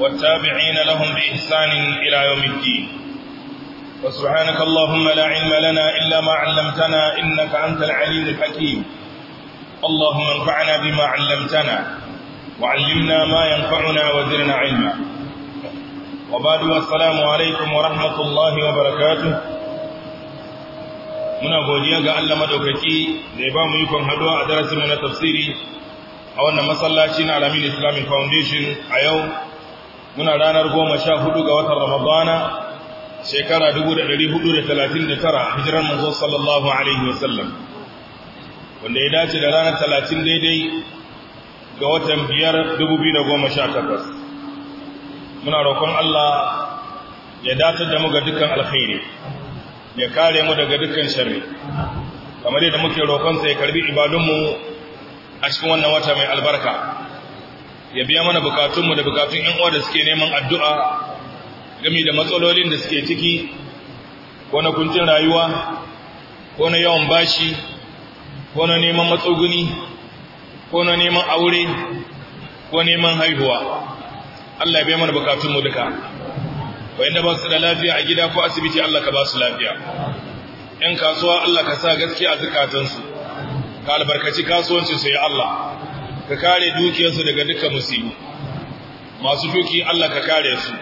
والتابعين لهم بإحسان إلى يوم الدين وسبحانك اللهم لا علم لنا إلا ما علمتنا إنك أنت العليم الحكيم اللهم انفعنا بما علمتنا وعلمنا ما ينفعنا وزرنا علما وبعد والسلام عليكم ورحمة الله وبركاته muna godiya ga Allah madaukaki da ya ba mu ikon haduwa a darasinmu na tafsiri a wannan masallaci na Alamin Islamic Foundation a yau muna ranar goma sha hudu ga watan ramadana shekara 439 hijirar manzo sallallahu alaihi wasallam wanda ya dace da ranar 30 daidai ga watan biyar 2018 muna roƙon Allah ya datar da mu ga dukkan alkhairi ya kare mu daga dukkan sharri kamar yadda muke sa ya karbi ibadunmu a cikin wannan wata mai albarka ya biya mana bukatunmu da bukatun ‘yan uwa da suke neman addu'a gami da matsalolin da suke ciki ko na kuncin rayuwa ko na yawan bashi ko na neman matsuguni ko na neman aure ko neman haihuwa Allah ya biya mana bukatunmu duka wayanda ba su da lafiya a gida ko asibiti Allah ka ba su lafiya ‘yan kasuwa Allah ka sa gaske a zukatansu ka albarkaci kasuwancinsu ya Allah ka kare dukiyarsu daga dukkan musibu masu shuki Allah ka kare su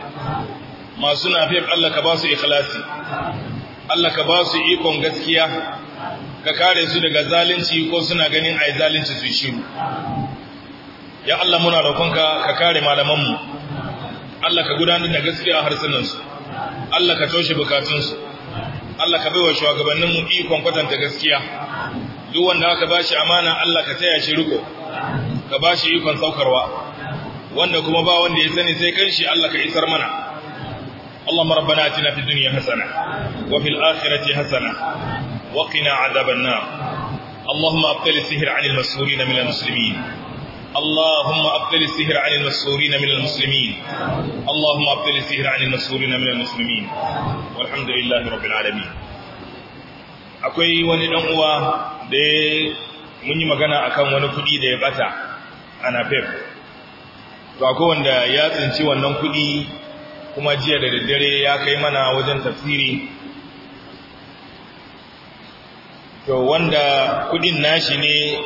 masu nafif Allah ka ba su ikhlasi Allah ka ba su ikon gaskiya ka kare su daga zalunci ko suna ganin ai zalunci su shiru ya Allah muna roƙonka ka kare malamanmu Allah ka gudanar da gaskiya a harsunansu Allah ka toshe bukatunsu Allah ka baiwa shugabanninmu ikon kwatanta gaskiya duk wanda aka bashi amana Allah ka taya shi riko ka ba shi ikon saukarwa wanda kuma ba wanda ya sani sai kanshi Allah ka isar mana اللهم ربنا اتنا في الدنيا حسنه وفي الاخره حسنه وقنا عذاب النار اللهم ابطل السحر عن المسحورين من المسلمين اللهم ابطل السحر عن المسحورين من المسلمين اللهم ابطل السحر عن المسحورين من المسلمين والحمد لله رب العالمين akwai wani dan uwa da mun yi magana akan wani kudi da ya bata anafef to akwai wanda ya tsinci wannan kuɗi kuma jiya da daddare ya kai mana wajen tafsiri to wanda kuɗin nashi ne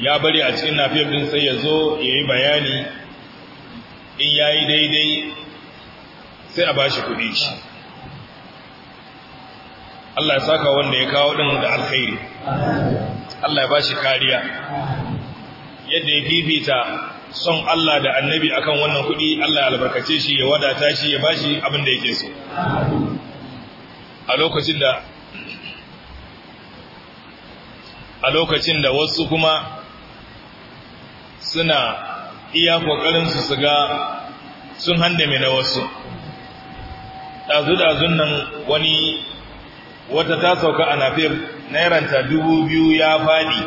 ya bari a cikin nafef din sai ya zo ya yi bayani in ya yi daidai sai a ba shi kuɗi shi Allah ya saka wanda ya kawo ɗin da alkhairi Allah ya shi kariya yadda ya fifita son Allah da annabi akan wannan kuɗi Allah ya albarkace shi ya wadata shi ya bashi abin da yake so a lokacin da a lokacin da wasu kuma suna iya ƙoƙarinsu su ga sun handame na wasu ɗazu-ɗazun nan wani wata ta sauka a nafiyar nairanta dubu biyu ya faɗi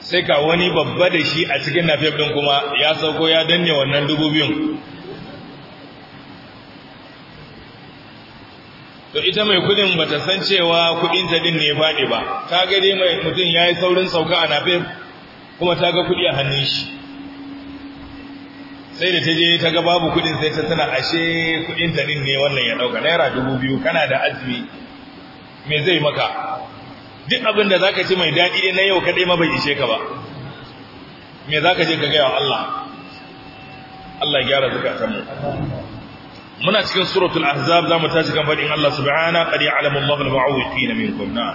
sai ka wani babba da shi a cikin nafiyar ɗin kuma ya sauko ya danne wannan dubu biyun to ita mai kudin ba ta san cewa kudinta din ne faɗi ba ta gari mai mutum ya yi saurin sauka a nafiyar kuma ta ga kudi a hannun shi sai da ta je ta ga babu kudin sai ta tana ashe kudinta din ne wannan ya ɗauka naira dubu biyu kana da azumi me zai maka duk abin da zaka ci mai daɗi na yau kadai ma bai ishe ka ba me zaka je ka gaya wa Allah Allah ya gyara zukatanmu muna cikin suratul ahzab mu tashi kan fadin Allah subhanahu qad ya'lamu Allahu al-mu'awwiqina minkum na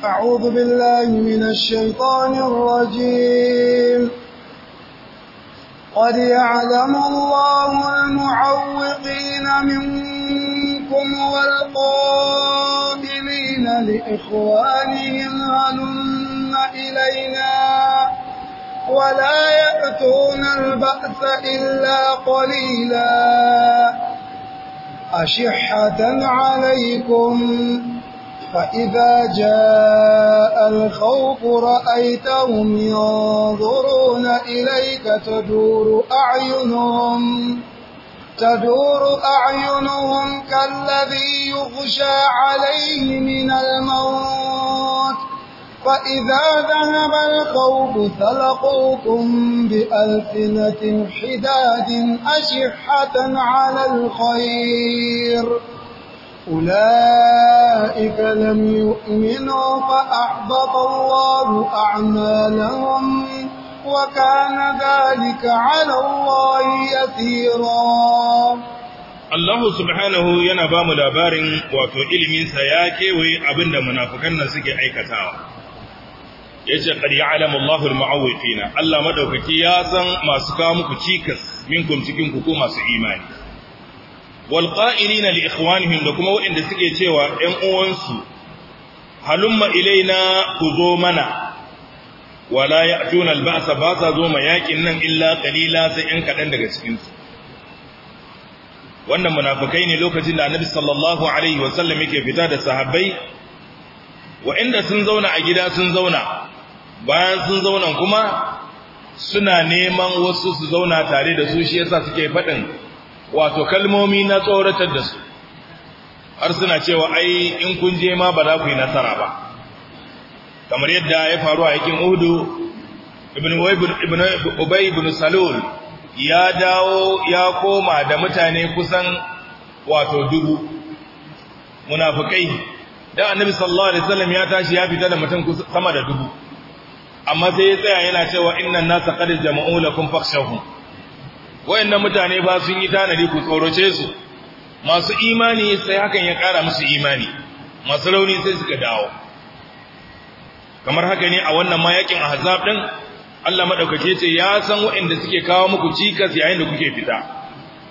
a'udhu billahi minash shaitanir rajim قد يعلم الله المعوقين منكم والقائلين الذين لإخوانهم هلم إلينا ولا يأتون البأس إلا قليلا أشحة عليكم فإذا جاء الخوف رأيتهم ينظرون إليك تدور أعينهم تدور أعينهم كالذي يغشى عليه من الموت فإذا ذهب الخوف ثلقوكم بألسنة حداد أشحة على الخير أولئك لم يؤمنوا فأحبط الله أعمالهم وكان ذلك على الله يسيرا الله subhanahu yana ba mu labarin wato iliminsa ya kewaye abinda munafukan nan suke aikatawa. Ya ce, ƙari alamu Allahul Allah madaukaki ya san masu kawo muku cikas minkum ku, ko masu imani. qa'ilina li ikhwanihim da kuma waɗanda suke cewa ‘yan uwansu, halumma ilaina ku zo mana, wala ya tuna basa ba sa zo ma yakin nan illa qalila sai ɗan kaɗan daga cikin su wannan munafukai ne lokacin da annabi sallallahu alaihi wasallam yake fita da sahabbai wa'inda sun zauna a gida sun zauna bayan sun zauna kuma suna neman wasu su zauna tare da su shi yasa suke faɗin wato kalmomi na tsoratar da su har suna cewa ai in kun je ma ba za ku yi nasara ba kamar yadda ya faru a yakin Uhud ibn ibn Ubay ibn Salul ya dawo ya koma da mutane kusan wato dubu munafikai da annabi sallallahu alaihi wasallam ya tashi ya fita da mutum sama da dubu amma sai ya tsaya yana cewa innan nasa qad jama'u lakum fakhshawhum wayannan mutane ba sun yi tanadi ku tsoroce su masu imani sai hakan ya kara musu imani masu rauni sai suka dawo kamar haka ne a wannan mayakin ahzab din Allah madaukake ce ya san waɗanda suke kawo muku cikas yayin da kuke fita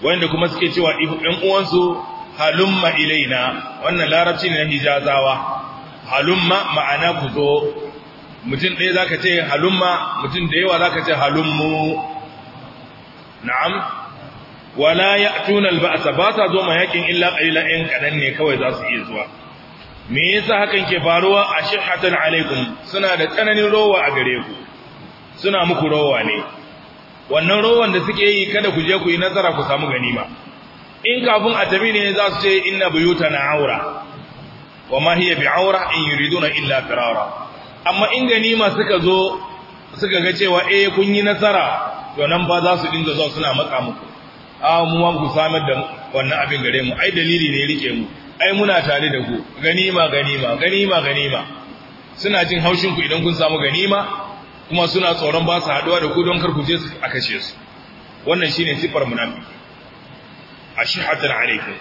waɗanda kuma suke cewa ɗan uwansu halumma ilaina wannan larabci ne na hijazawa halumma ma'ana ku zo mutum ɗaya zaka ce halumma mutum da yawa zaka ce halummu na'am wala ya'tuna al-ba'sa ba ta zo mayakin illa qalilan kadan ne kawai za su iya zuwa me yasa hakan ke faruwa a ashihatan alaikum suna da tsananin rowa a gare ku suna muku rowa ne wannan rowan da suke yi kada ku je ku yi nazara ku samu ganima in kafin a tabi ne za su ce inna buyutana aura wa ma hiya aura in yuriduna illa firara amma in ganima suka zo suka ga cewa eh kun yi nasara to nan ba za su dinga zuwa suna matsa muku a ah, mu ma ku samar da wannan abin gare mu ai dalili ne rike mu ai muna tare da ku ganima ganima ganima ganima suna jin haushin ku idan kun samu ganima kuma suna tsoron ba su haduwa da ku don kar ku je a kashe su wannan shine sifar munafiki ashihatan alaykum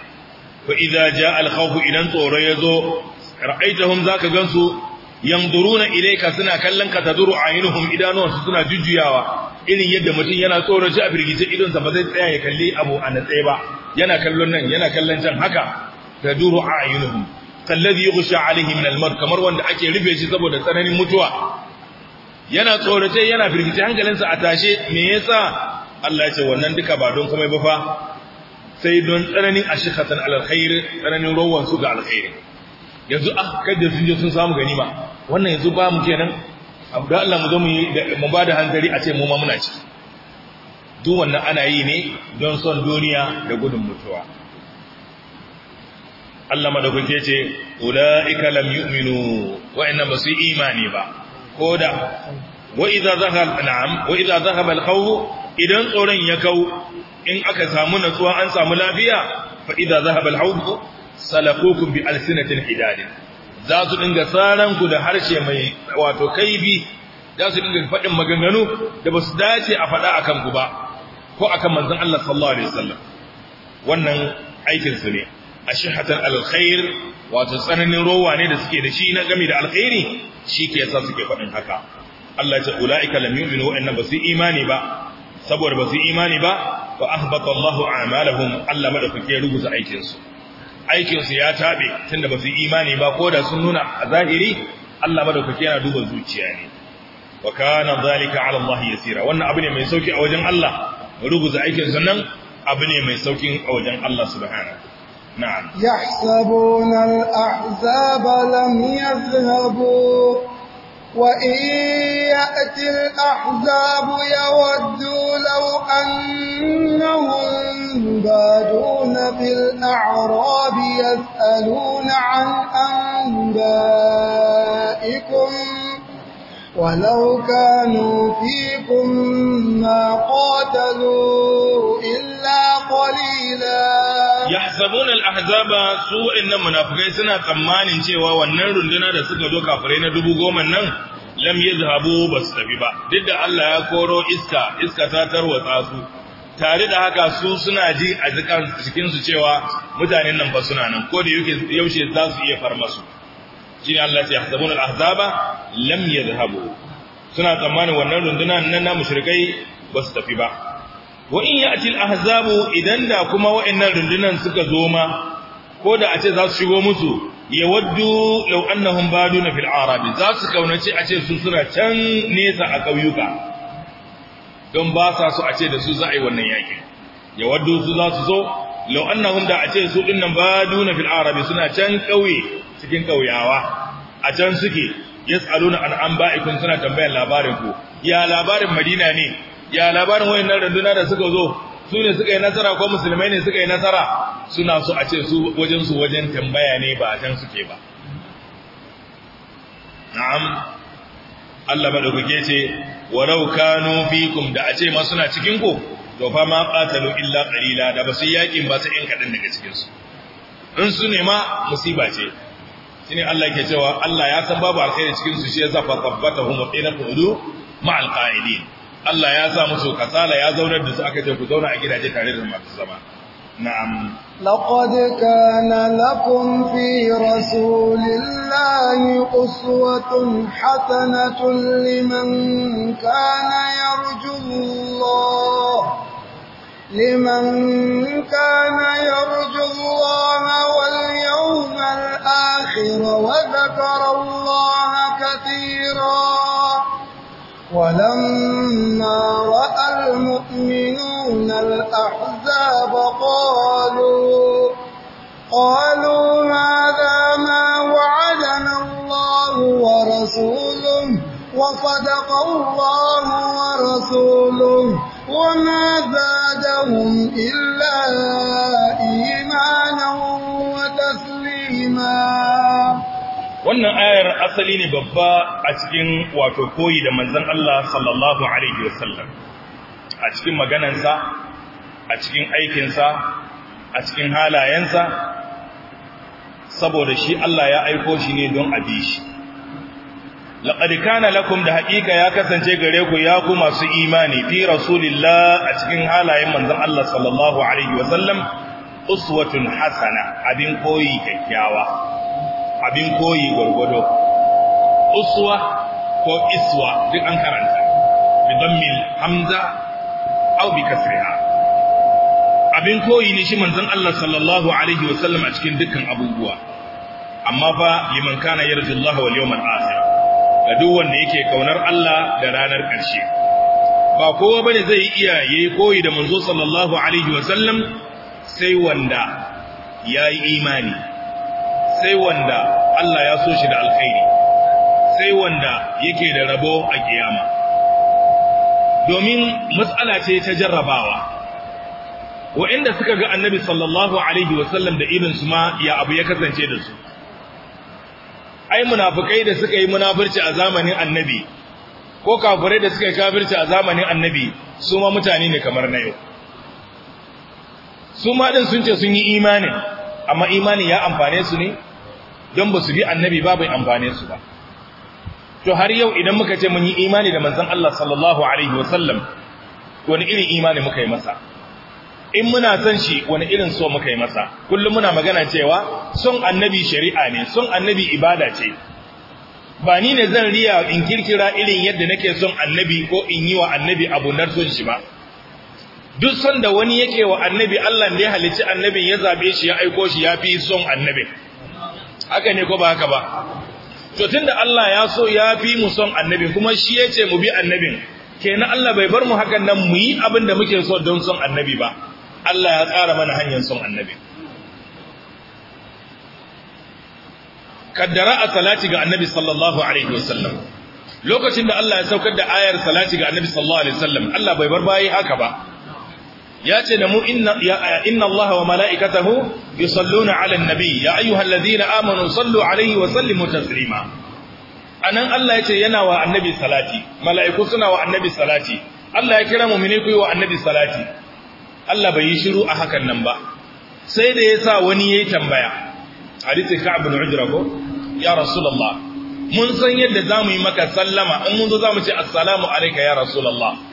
fa idza jaa al-khawf idan tsoro yazo ra'aitahum zaka gansu yanzuruna ilayka suna kallon ka taduru ayinuhum idanuwansu suna jujjuyawa irin yadda mutum yana tsoro ji a firgice idonsa ba zai tsaya ya kalli abu a natsaye ba yana kallon nan yana kallon can haka taduru a'yunuhum kallazi yughsha alayhi min al-maut kamar wanda ake rufe shi saboda tsananin mutuwa yana tsorace yana firgice hankalinsa a tashe me yasa Allah ya ce wannan duka ba don komai ba fa sai don tsananin ashikatan alkhair tsananin rawan su ga alkhair yanzu ah kada sun je sun samu ganima wannan yanzu ba mu kenan abu da Allah mu zo mu ba da hankali a ce mu ma muna ciki duk ana yi ne don son duniya da gudun mutuwa Allah madaukake ce ulaika lam yu'minu wa'anna ba su imani ba koda wa idza zahal na'am wa idza zahaba al-khawf idan tsoron ya kau in aka samu natsuwa an samu lafiya fa idza zahaba al-khawf salakukum bi alsinatin hidadin za su dinga saran ku da harshe mai wato kaibi za su dinga fadin maganganu da ba su dace a faɗa akan ku ba ko akan manzon Allah sallallahu alaihi wasallam wannan aikin su ne ashihatan alkhair wato tsananin rowa ne da suke da shi na game da alkhairi shi ke yasa suke faɗin haka Allah ya ce ulaika lam yu'minu wa inna basu imani ba saboda basu imani ba fa ahbata Allahu a'malahum Allah madaukake ya ruguza aikin su aikin su ya tabe tunda basu imani ba ko da sun nuna a zahiri Allah madaukake yana duba zuciya ne wa kana zalika ala Allah yasira wannan abu ne mai sauki a wajen Allah rubuta aikin sannan abu ne mai saukin a wajen Allah subhanahu نعم يحسبون الأحزاب لم يذهبوا وإن يأتي الأحزاب يودوا لو أنهم بادون بالأعراب يسألون عن أنبائكم ولو كانوا فيكم ما قاتلوا إلا قليلاً yahsabuna al-ahzaba su wa'annan munafikai suna tsammanin cewa wannan runduna da suka zo kafirai na dubu goma nan lam yadhhabu bas tafi ba duk da Allah ya koro iska iska ta tarwatsa su tare da haka su suna ji a cikin su cewa mutanen nan ba suna nan ko da yaushe za su iya farma su shine Allah ya yahsabuna al-ahzaba lam yadhhabu suna tsammanin wannan runduna nan na mushrikai su tafi ba wa in al ahzabu idan da kuma wa'annan rundunan suka zo ma ko da a ce za su shigo musu yawaddu law annahum baduna fil arab za su kaunace a ce su suna can nesa a kauyuka don ba sa su a ce da su za a yi wannan yaki yawaddu su za su zo law annahum da a ce su dinnan baduna fil arab suna can kauye cikin kauyawa a can suke yas'aluna an anba'ikum suna tambayar labarin ku ya labarin madina ne ya labarin wayannan runduna da suka zo su ne suka yi nasara ko musulmai ne suka yi nasara suna so a ce su wajen su wajen tambaya ne ba can suke ba na'am Allah madaukake ce law kanu fikum da a ce ma suna cikin ku to fa ma qatalu illa qalila da su yakin ba su in kadan daga cikin su in su ne ma musiba ce shine Allah yake cewa Allah ya san babu alkhairi cikin su shi yasa fa tabbatahum wa qina qulu ma'al qa'idin Allah ya sa musu kasala ya zaunar da su aka ce ku zauna a gidaje tare da masu zama na'am laqad kana lakum fi rasulillahi uswatun hasanatun liman kana yarjullah liman kana yarjullah wal yawmal akhir wa dhakara allaha katiran ولما رأى المؤمنون الأحزاب قالوا قالوا هذا ما وعدنا الله ورسوله وصدق الله ورسوله وما زادهم إلا إيمانا wannan ayar asali ne babba a cikin wato koyi da manzon Allah sallallahu alaihi wasallam a cikin maganansa a cikin aikinsa a cikin halayensa saboda shi Allah ya aiko shi ne don abi shi laqad kana lakum da haƙiƙa ya kasance gare ku ya ku masu imani fi rasulillah a cikin halayen manzon Allah sallallahu alaihi wasallam uswatun hasana abin koyi kyakkyawa abin koyi gwargwado uswa ko iswa duk an karanta bi dammil hamza aw bi kasriha abin koyi ne shi manzon Allah sallallahu alaihi wa sallam a cikin dukkan abubuwa amma fa liman kana yarju Allah wal yawmal akhir ga duk wanda yake kaunar Allah da ranar ƙarshe ba kowa bane zai iya yayi koyi da manzo sallallahu alaihi wa sallam sai wanda yayi imani sai wanda Allah ya so shi da alkhairi sai wanda yake da rabo a kiyama domin matsala ce ta jarrabawa wa'inda suka ga annabi sallallahu alaihi wasallam da irinsu ma ya abu ya kasance da su ai munafikai da suka yi munafirci a zamanin annabi ko kafirai da suka yi kafirci a zamanin annabi su ma mutane ne kamar na yau su ma din sun ce sun yi imanin amma imanin ya amfane su ne don ba su bi annabi babu amfane su ba to har yau idan muka ce mun yi imani da manzon Allah sallallahu alaihi wasallam wani irin imani muka yi masa in muna son shi wani irin so muka yi masa kullum muna magana cewa son annabi shari'a ne son annabi ibada ce ba ni ne zan riya in kirkira irin yadda nake son annabi ko in yi wa annabi abu na son shi ba duk son da wani yake wa annabi Allah ne ya halicci annabin ya zaɓe shi ya aiko shi ya fi son annabin haka ne ko ba haka ba to tunda Allah ya so ya fi mu son annabi kuma shi ya ce mu bi annabin kenan Allah bai bar mu hakan nan mu yi abin da muke so don son annabi ba Allah ya tsara mana hanyar son annabi kaddara a salati ga annabi sallallahu alaihi wasallam lokacin da Allah ya saukar da ayar salati ga annabi sallallahu alaihi wasallam Allah bai bar bayi haka ba ya ce da mu inna Allah wa mala'ikatahu yusalluna 'alan nabi ya ayyuhalladhina amanu sallu 'alaihi wa sallimu taslima nan Allah ya ce yana wa annabi salati mala'iku suna wa annabi salati Allah ya kira mu'mini ku yi wa annabi salati Allah bai yi shiru a hakan nan ba sai da ya sa wani ya yi tambaya hadisi Ka'ab bin Ujra ko ya rasulullah mun san yadda za mu yi maka sallama in mun zo za mu ce assalamu alaika ya rasulullah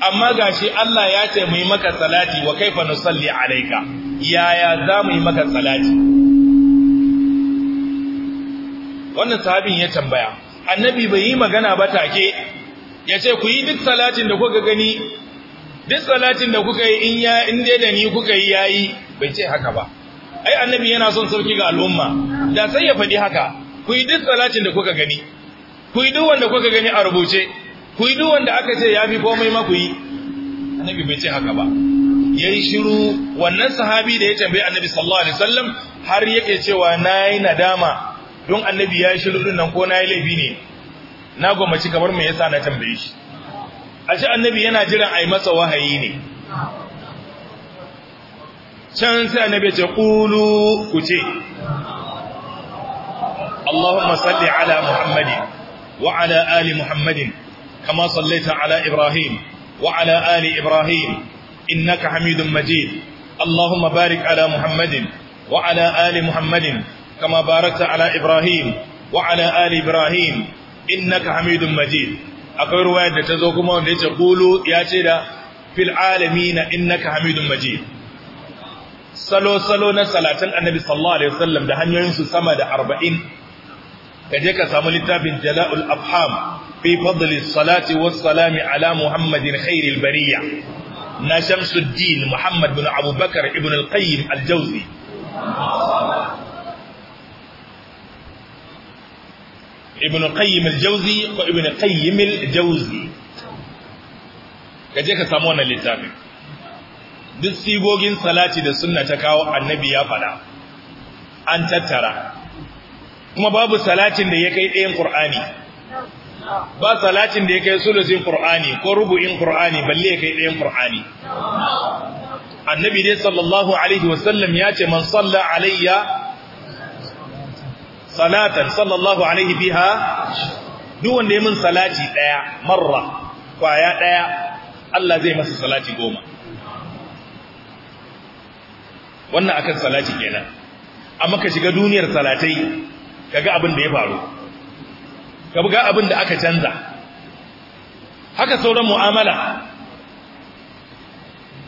amma gashi Allah ya ce mu yi maka salati wa kaifa nusalli alayka yaya za mu yi maka salati wannan sahabin ya tambaya annabi bai yi magana ba take ya ce ku yi duk salatin da kuka gani duk salatin da kuka yi in ya in dai da ni kuka yi yayi bai ce haka ba ai annabi yana son sauki ga al'umma da sai ya faɗi haka ku yi duk salatin da kuka gani ku yi duk wanda kuka gani a rubuce ku yi duk wanda aka ce ya fi komai maku yi annabi bai ce haka ba ya yi shiru wannan sahabi da ya tambayi annabi sallallahu alaihi wasallam har yake cewa nayi nadama don annabi ya yi shiru nan ko na laifi ne na gwammaci kamar me yasa na tambaye shi a ce annabi yana jiran a yi masa wahayi ne can sai annabi ce ƙulu ku ce Allahumma salli ala Muhammadin wa ala ali Muhammadin كما صليت على إبراهيم وعلى آل إبراهيم إنك حميد مجيد اللهم بارك على محمد وعلى آل محمد كما باركت على إبراهيم وعلى آل إبراهيم إنك حميد مجيد akwai ruwayar da ta zo kuma wanda ya ce gulu ya ce da fil alami na innaka hamidun majid salo-salo na salatan annabi sallallahu alaihi wasallam da hanyoyinsu sama da arba'in ka je ka samu littafin jala'ul afham fi fadli salati was salami ala muhammadin khairil bariya na shamsuddin muhammad bin abubakar ibn al-qayyim al-jawzi ibn qayyim al ko ibn qayyim ka samu wannan littafin duk sigogin salati da sunna ta kawo annabi ya faɗa. an tattara kuma babu salatin da ya kai ɗayan ƙur'ani ba salatin da ya kai sulusin qur'ani ko rubu'in qur'ani balle kai ɗayan qur'ani annabi dai sallallahu alaihi wasallam ya ce man salla alayya salatan sallallahu alaihi biha duk wanda ya min salati daya marra kwaya daya Allah zai masa salati goma wannan akan salati kenan amma ka shiga duniyar salatai kaga abin da ya faru ka buga abin da aka canza haka sauran mu'amala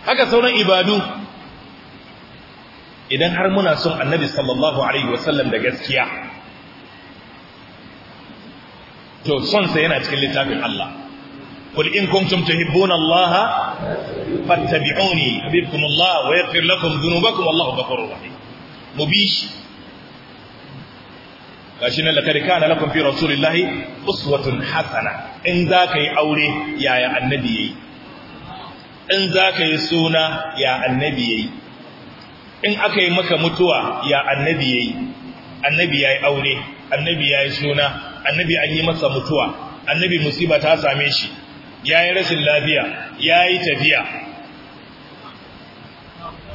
haka sauran ibadu idan har muna son annabi sallallahu alaihi wasallam da gaskiya to son sa yana cikin littafin Allah قل إن كنتم تحبون الله فاتبعوني يحببكم gashi nan lakari kana lakum fi rasulillahi uswatun hasana in za ka yi aure yaya annabi yayi in za ka yi suna ya annabi in aka yi maka mutuwa ya annabi yayi annabi aure annabi yayi suna annabi an yi masa mutuwa annabi musiba ta same shi yayi rashin lafiya yayi tafiya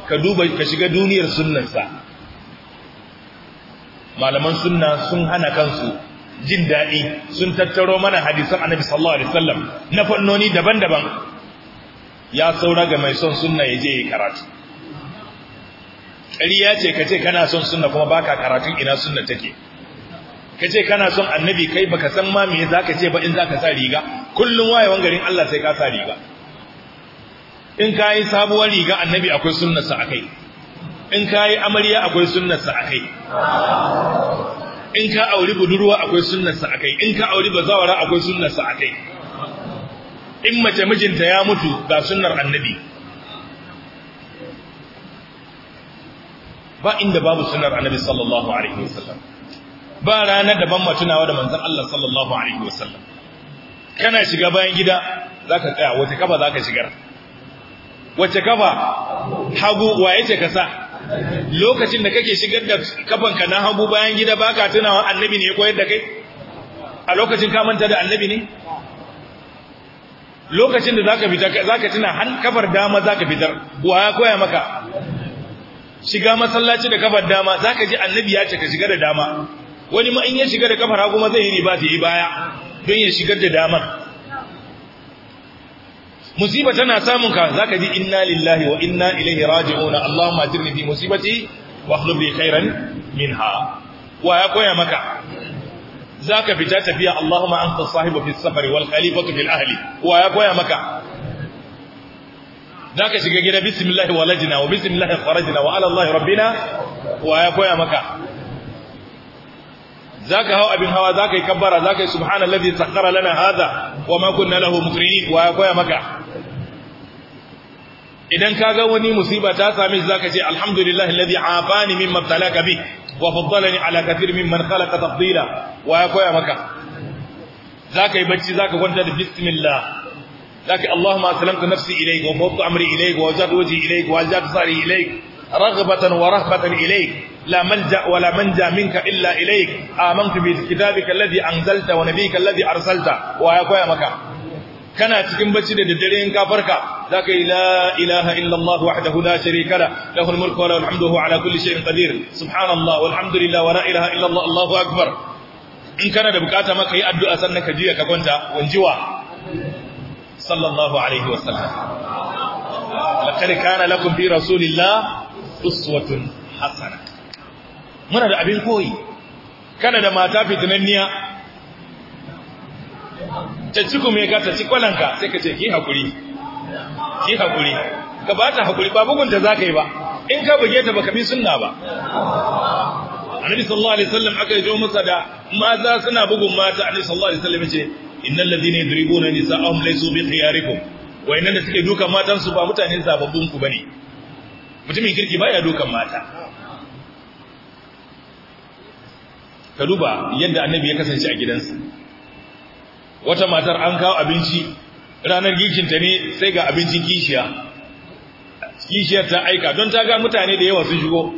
ka duba ka shiga duniyar sunnansa malaman sunna sun hana kansu jin daɗi sun tattaro mana hadisan annabi sallallahu alaihi wasallam na fannoni daban-daban ya saura ga mai son sunna ya je ya karatu ƙariya ce ka ce kana son sunna kuma baka karatun ina sunna take ka kana son annabi kai baka san ma me za ce ba in za ka sa riga kullum wayewan garin Allah sai ka sa riga in ka sabuwar riga annabi akwai sunnarsa a kai in ka yi amarya akwai sunnarsa a kai in ka auri budurwa akwai sunnarsa a kai in ka auri bazawara akwai sunnarsa a kai in mace mijinta ya mutu ga sunnar annabi ba inda babu sunnar annabi sallallahu alaihi wasallam ba ranar da ban matunawa da manzon Allah sallallahu alaihi wasallam kana shiga bayan gida zaka tsaya wace kafa zaka shigar wace kafa hagu waye ce ka sa lokacin da kake shigar da kafanka na hagu bayan gida ba ka tunawa annabi ne ya koyar da kai a lokacin ka manta da annabi ne lokacin da zaka fita zaka tuna han kafar dama zaka fitar wa ya koya maka shiga masallaci da kafar dama zaka ji annabi ya ce ka shiga da dama wani ma in ya shiga da kafar hagu ma zai yi riba ta yi baya don ya shigar da damar musiba tana samun ka zaka ji inna lillahi wa inna ilaihi raji'un Allahumma ajirni fi musibati wa akhlif li khairan minha wa ya koya maka zaka fita tafiya Allahumma anta sahibu fi safari wal khalifatu fil ahli wa ya koya maka zaka shiga gida bismillah walajna wa bismillah kharajna wa ala Allah rabbina wa ya koya maka zaka hau abin hawa zaka yi kabbara zaka yi subhanallazi sakhara lana hadha wa ma kunna lahu muqrinin wa ya koya maka idan ka ga wani musiba ta same shi zaka ce alhamdulillah alladhi afani mimma talaka bi wa faddalani ala kathir mimman khalaqa tafdila wa ya koya maka zaka yi bacci zaka kwanta da bismillah zaka allahumma aslamtu nafsi ilayka wa fawwadtu amri ilayka wa wajjahtu wajhi ilayka wa wajjahtu sari ilayka raghbatan wa rahbatan ilayka لا ملجأ ولا منجا منك إلا إليك آمنت بكتابك الذي أنزلت ونبيك wa ya koya maka? kana cikin bacci da daddare in ka farka zaka yi la ilaha illallah wahdahu la sharika la lahul mulku wa lahul hamdu ala kulli shay'in qadir subhanallah walhamdulillah wa la ilaha illallah allahu akbar in kana da bukata maka yi addu'a sannan ka jiya ka kwanta wanjiwa sallallahu alaihi wa sallam laqad kana lakum fi rasulillah uswatun hasana muna da abin koyi kana da mata fitinanniya ta ci kuma ka ta ci kwalanka sai ka ce ki hakuri ki hakuri ka ba ta hakuri ba bugunta za ka yi ba in ka buge ta baka bi sunna ba annabi sallallahu alaihi wasallam aka yi masa da maza suna bugun mata annabi sallallahu alaihi wasallam yace innal ladina yadribuna nisa'ahum laysu bi khiyarikum wayannan da suke dukan matan su ba mutanen zababbun ku bane mutumin kirki baya dukan mata ka duba yadda annabi ya kasance a gidansa wata matar an kawo abinci ranar ta ne sai ga abincin kishiya kishiyar ta aika don ta ga mutane da yawa sun shigo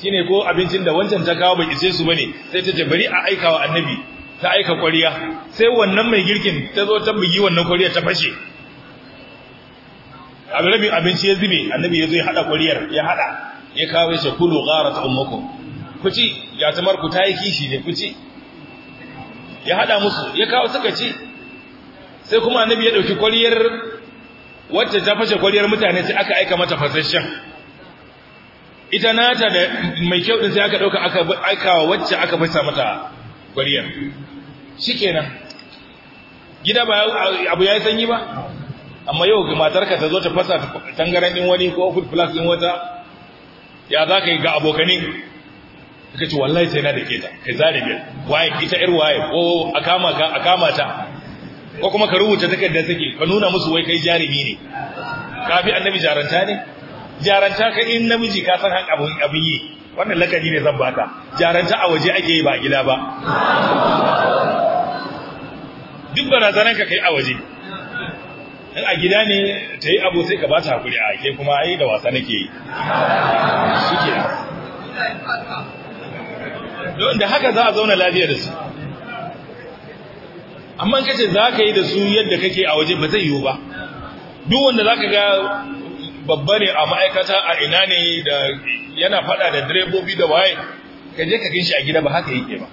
shine ko abincin da wancan ta kawo bai ise su bane sai ta ce a aika wa annabi ta aika kwariya sai wannan mai girkin ta zo ta bugi wannan kwariya ta fashe rabin abinci ya zube annabi ya zo ya hada kwariyar ya haɗa ya kawo shi ƙara gharat ummukum ku ci ya tamar ku ta yi kishi ne ku ci ya hada musu ya kawo suka ci sai kuma annabi ya dauki kwariyar wacce ta fashe kwariyar mutane sai aka aika mata fasashen ita nata da mai kyau din sai aka dauka aka aikawa wacce aka fasa mata kwariyar shikenan gida ba abu yayi sanyi ba amma yau matarka ta zo ta fasa tangaran din wani ko food plus din wata ya zaka yi ga abokanin suka ce wallahi sai na da ke ta kai zaribin waye ita yar waye ko a kama ka a kama ta ko kuma ka rubuta takardar take ka nuna musu wai kai jarumi ne ka bi annabi jaranta ne jaranta ka in namiji ka san haƙa abin yi wannan lakabi ne zan baka jaranta a waje ake yi ba gida ba duk barazanar ka kai a waje in a gida ne ta yi abu sai ka ba ta hakuri a ke kuma ai da wasa nake yi shi Don da haka za a zauna lafiya da su amma in kace za ka yi da su yadda kake a waje ba zai yiwu ba duk wanda za ka ga babba ne a ma'aikata a ina ne da yana fada da direbobi da waye ka je ka gan shi a gida ba haka yake ba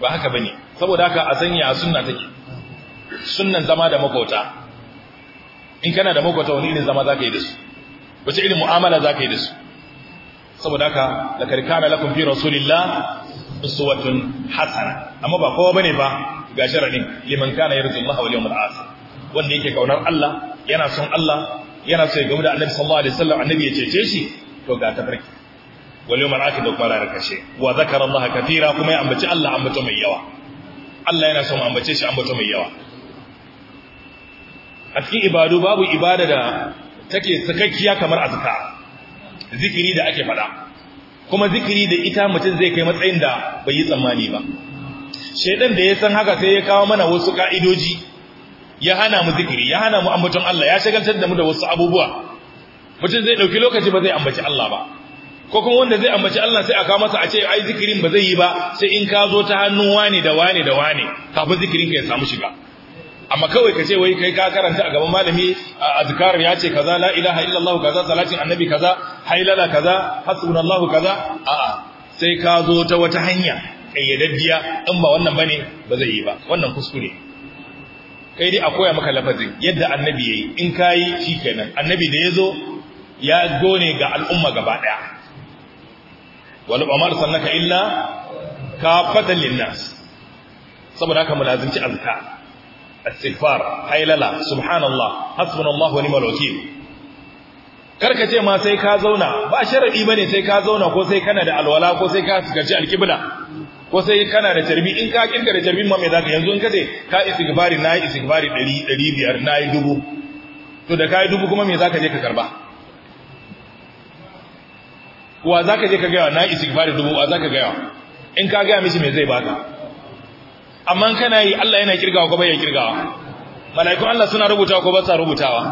ba haka bane saboda haka a sanya sunna take sunnan zama da makota in kana da makota wani ne zama za ka yi da su wace irin mu'amala za ka yi da su saboda haka laqad kana lakum fi rasulillah uswatun hasana amma ba kowa bane ba ga sharadin liman kana yarju Allah wal yawmul akhir wanda yake kaunar Allah yana son Allah yana so ya gamu da Annabi sallallahu alaihi wasallam Annabi ya cece shi to ga tafarki wal yawmul akhir da kuma ranar kashe wa zakara Allah kathira kuma ya ambaci Allah ambato mai yawa Allah yana son ambace shi ambato mai yawa a cikin ibadu babu ibada da take sakakkiya kamar azkar zikiri da ake faɗa kuma zikiri da ita mutum zai kai matsayin da bai yi tsammani ba shaidan da ya san haka sai ya kawo mana wasu ka'idoji ya hana mu zikiri ya hana mu ambaton Allah ya shagaltar da mu da wasu abubuwa mutum zai ɗauki lokaci ba zai ambaci Allah ba ko kuma wanda zai ambaci Allah sai a kawo masa a ce ai zikirin ba zai yi ba sai in ka zo ta hannu wane da wane da wane kafin zikirin ka ya samu shiga amma kawai ka ce wai kai ka karanta a gaban malami azkar ya ce kaza la ilaha illallah kaza salatin annabi kaza hailala kaza hasbunallahu kaza a'a sai ka zo ta wata hanya kayyadaddiya in ba wannan bane ba zai yi ba wannan kuskure kai dai a koya maka lafazin yadda annabi yayi in kai shikenan annabi da yazo ya gone ga al'umma gaba daya wal umar sannaka illa ka kafatan nas saboda haka lazimci azkar istighfar hailala subhanallah hasbunallahu wa ni'mal wakeel karka ce ma sai ka zauna ba sharadi bane sai ka zauna ko sai kana da alwala ko sai ka gaci alqibla ko sai kana da tarbi in ka kinka da tarbi ma mai zaka yanzu in kace ka istighfari na yi istighfari biyar. na yi dubu to da kai dubu kuma me zaka je ka karba wa zaka je ka ga na istighfari dubu wa zaka ga in ka ga mishi me zai baka amma kana yi Allah yana kirgawa ko bai kirgawa malaikun Allah suna rubutawa ko ba sa rubutawa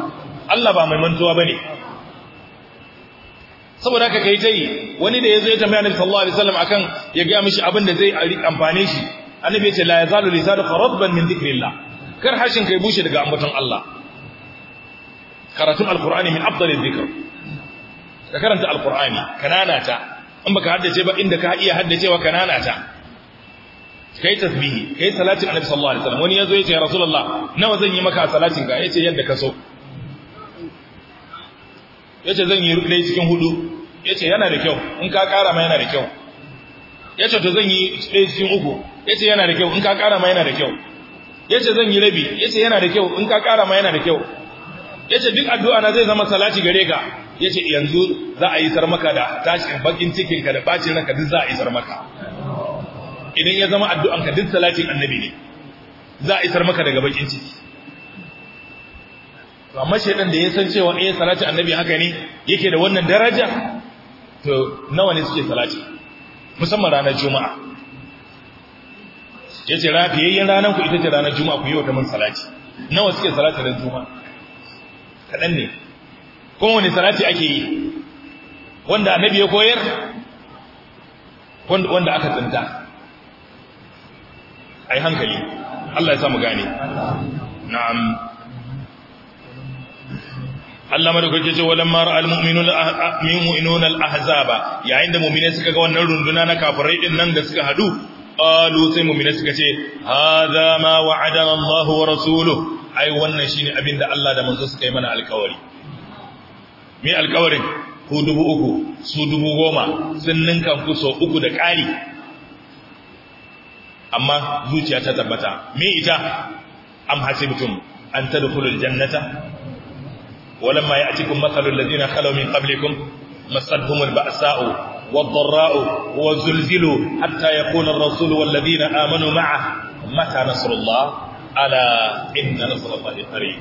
Allah ba mai mantuwa bane saboda haka kai tai wani da yazo ya tambaya Annabi sallallahu alaihi wasallam akan ya ga mishi abin da zai amfane shi Annabi ya ce la yazalu lisanu qarban min dhikrillah kar hashin kai bushe daga ambaton Allah karatun alqur'ani min afdalil dhikr ka karanta alqur'ani kanana ta in baka haddace ba inda ka iya haddacewa kanana ta kai tasbihi kai salatin annabi sallallahu alaihi wasallam wani yazo yace ya rasulullah nawa zan yi maka salatin ka yace yadda ka so yace zan yi rukuni cikin hudu yace yana da kyau in ka kara ma yana da kyau yace to zan yi ɗaya cikin uku yace yana da kyau in ka kara ma yana da kyau yace zan yi rabi yace yana da kyau in ka kara ma yana da kyau yace duk addu'a na zai zama salati gare ka yace yanzu za a yi sar maka da tashin bakin cikin ka da bacin ranka duk za a yi sar maka idan ya zama addu'anka duk salatin annabi ne za a isar maka daga bakin ciki to amma shedan da ya san cewa eh salati annabi haka ne yake da wannan daraja to nawa ne suke salati musamman ranar juma'a Ya rafi rafiyayyen ranar ku ita ce ranar juma'a ku yi wata mun salati nawa suke salati ran juma'a kadan ne kuma wani salati ake yi wanda annabi ya koyar wanda aka tsinta ai hankali Allah ya samu gane na'am Allah madaukake ce walan mar muminun ah, al-ahzaba yayin da mu'mine suka ga wannan runduna na kafirai din nan da suka hadu qalu sai mu'mine suka ce hadha ma wa'ada Allah wa rasuluhu ai wannan shine abin da Allah da manzo suka yi mana alkawari me alkawarin ku dubu uku su dubu goma sun ninka ku so uku da ƙari amma zuciya ta tabbata me ita am hasibtum an tadkhulul jannata walamma ya'tikum mathalul ladina khalaw min qablikum masadhumul ba'sa'u والضراء وزلزلوا حتى يقول الرسول والذين آمنوا معه متى نصر الله ألا إن نصر الله قريب